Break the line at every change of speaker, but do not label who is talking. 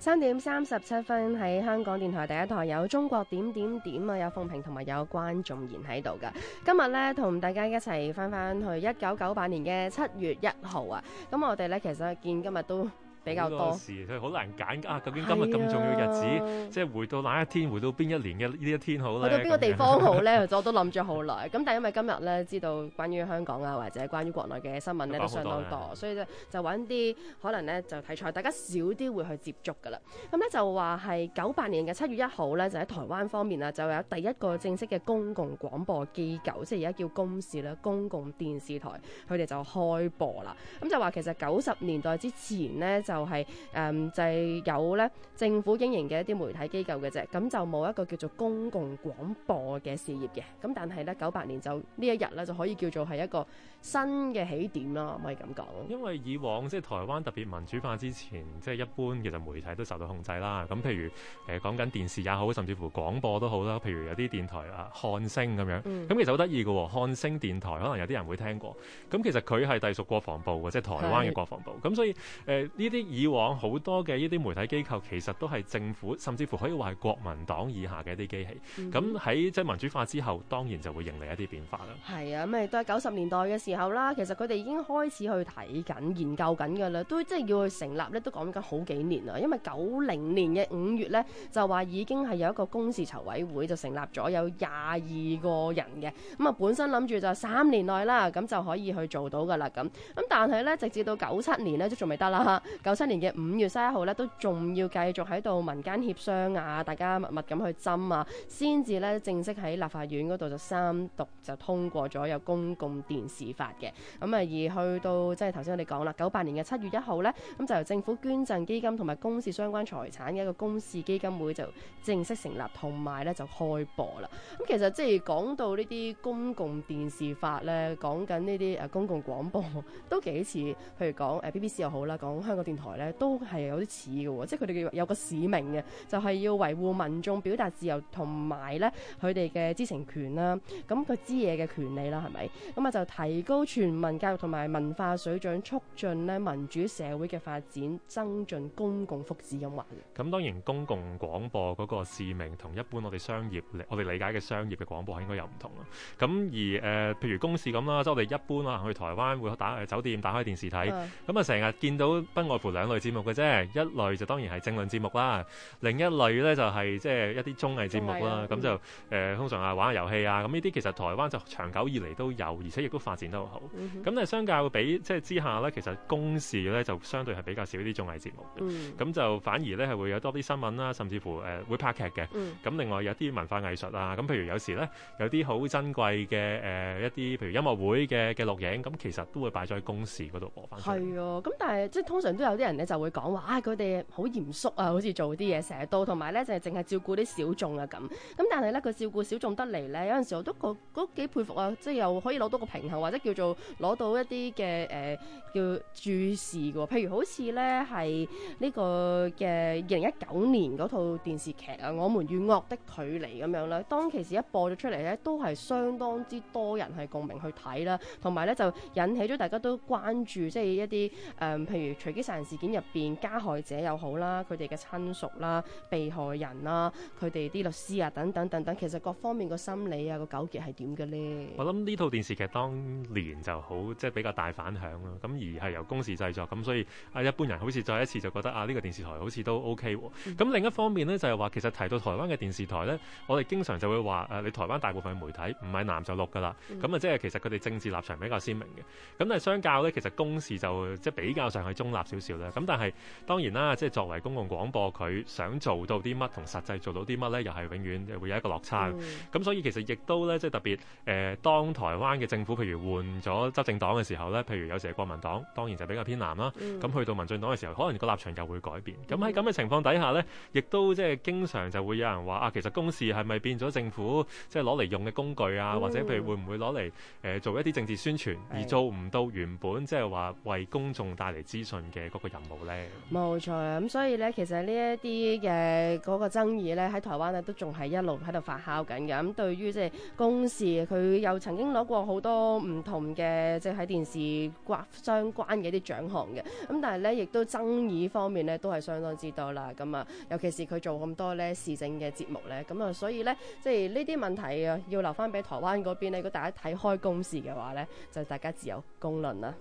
三點三十七分喺香港電台第一台有中國點點點啊，有風評同埋有關仲然喺度噶。今日咧同大家一齊翻翻去一九九八年嘅七月一號啊，咁我哋咧其實見今日都。比較多，多時，
佢好難揀啊！究竟今日咁重要嘅日子，啊、即係回到哪一天，回到邊一年嘅呢一天好啦，去到邊個地方好咧？
咁 我都諗咗好耐。咁但係因為今日咧，知道關於香港啊，或者關於國內嘅新聞咧、啊，都相當多，所以咧就揾啲可能咧就題材，大家少啲會去接觸噶啦。咁咧就話係九八年嘅七月一號咧，就喺台灣方面啊，就有第一個正式嘅公共廣播機構，即係而家叫公視咧，公共電視台，佢哋就開播啦。咁就話其實九十年代之前呢。就係、是、誒、嗯、就係、是、有咧政府經營嘅一啲媒體機構嘅啫，咁就冇一個叫做公共廣播嘅事業嘅。咁但係咧，九八年就這一天呢一日咧就可以叫做係一個新嘅起點咯，可以咁講。
因為以往即係、就是、台灣特別民主化之前，即、就、係、是、一般其實媒體都受到控制啦。咁譬如誒講緊電視也好，甚至乎廣播都好啦。譬如有啲電台啊，漢聲咁樣，咁、嗯、其實好得意嘅喎，漢聲電台可能有啲人會聽過。咁其實佢係隸屬國防部嘅，即、就、係、是、台灣嘅國防部。咁所以誒呢啲。呃以往好多嘅呢啲媒體機構，其實都係政府，甚至乎可以話係國民黨以下嘅一啲機器。咁喺即係民主化之後，當然就會迎嚟一啲變化啦。
係啊，咪都係九十年代嘅時候啦，其實佢哋已經開始去睇緊、研究緊㗎啦。都即係要去成立咧，都講緊好幾年啦。因為九零年嘅五月咧，就話已經係有一個公視籌委會就成立咗，有廿二個人嘅。咁啊，本身諗住就三年內啦，咁就可以去做到㗎啦。咁咁但係咧，直至到九七年咧，都仲未得啦。九七年嘅五月三十一號呢，都仲要繼續喺度民間協商啊，大家密密咁去針啊，先至呢，正式喺立法院嗰度就三讀就通過咗有公共電視法嘅。咁、嗯、啊，而去到即係頭先我哋講啦，九八年嘅七月一號呢，咁、嗯、就由政府捐贈基金同埋公視相關財產嘅一個公視基金會就正式成立，同埋呢就開播啦。咁、嗯、其實即係講到呢啲公共電視法呢，講緊呢啲誒公共廣播都幾似，譬如講誒、啊、BBC 又好啦，講香港電台咧都係有啲似嘅，即係佢哋有個使命嘅，就係、是、要維護民眾表達自由，同埋咧佢哋嘅知情權啦，咁佢知嘢嘅權利啦，係咪？咁啊就提高全民教育同埋文化水準，促進咧民主社會嘅發展，增進公共福祉咁話。
咁當然公共廣播嗰個使命同一般我哋商業我哋理解嘅商業嘅廣播應該有唔同咯。咁而誒、呃、譬如公視咁啦，即、就、係、是、我哋一般啊去台灣會打、呃、酒店打開電視睇，咁啊成日見到不外乎。兩類節目嘅啫，一類就當然係政論節目啦，另一類咧就係即係一啲綜藝節目啦。咁、嗯、就誒、呃，通常啊玩下遊戲啊，咁呢啲其實台灣就長久以嚟都有，而且亦都發展得好好。咁但係相較比即係、就是、之下咧，其實公事咧就相對係比較少啲綜藝節目。咁、嗯、就反而咧係會有多啲新聞啦、啊，甚至乎誒、呃、會拍劇嘅。咁、嗯、另外有啲文化藝術啊，咁譬如有時咧有啲好珍貴嘅誒、呃、一啲，譬如音樂會嘅嘅錄影，咁其實都會擺咗喺公視嗰度播
翻出嚟。咁但係即係通常都有。啲人咧就會講話啊！佢哋好嚴肅啊，好似做啲嘢成日都同埋咧就係淨係照顧啲小眾啊咁。咁但係咧佢照顧小眾得嚟咧，有陣時我都覺都、都幾佩服啊！即係又可以攞到個平衡，或者叫做攞到一啲嘅誒叫注視嘅喎。譬如好似咧係呢、這個嘅二零一九年嗰套電視劇啊，《我們與惡的距離》咁樣啦。當其時一播咗出嚟咧，都係相當之多人係共鳴去睇啦，同埋咧就引起咗大家都關注，即係一啲誒、呃、譬如隨機殺人。事件入邊加害者又好啦，佢哋嘅親屬啦、被害人啦、佢哋啲律師啊等等等等，其實各方面個心理啊個糾結係點嘅咧？
我諗呢套電視劇當年就好即係比較大反響咯，咁而係由公視製作，咁所以啊一般人好似再一次就覺得啊呢、這個電視台好似都 O K 咁另一方面咧就係、是、話其實提到台灣嘅電視台咧，我哋經常就會話誒你台灣大部分嘅媒體唔係藍就綠噶啦，咁、嗯、啊即係其實佢哋政治立場比較鮮明嘅。咁但係相較咧，其實公視就即係比較上去中立少少。咁但係當然啦，即係作為公共廣播，佢想做到啲乜同實際做到啲乜呢，又係永遠會有一個落差。咁、嗯、所以其實亦都呢，即係特別誒、呃，當台灣嘅政府譬如換咗執政黨嘅時候呢，譬如有時係國民黨，當然就比較偏藍啦。咁、嗯、去到民進黨嘅時候，可能個立場又會改變。咁喺咁嘅情況底下呢，亦、嗯、都即係經常就會有人話啊，其實公視係咪變咗政府即係攞嚟用嘅工具啊、嗯？或者譬如會唔會攞嚟、呃、做一啲政治宣傳，而做唔到原本即係話為公眾帶嚟資訊嘅個任務咧，
冇錯啊！咁所以咧，其實呢一啲嘅嗰個爭議咧，喺台灣咧都仲係一路喺度發酵緊嘅。咁對於即係公視，佢又曾經攞過好多唔同嘅即係喺電視關相關嘅一啲獎項嘅。咁但係咧，亦都爭議方面咧都係相當之多啦。咁啊，尤其是佢做咁多咧時政嘅節目咧，咁啊，所以咧即係呢啲問題啊，要留翻俾台灣嗰邊咧。如果大家睇開公視嘅話咧，就大家自有公論啦。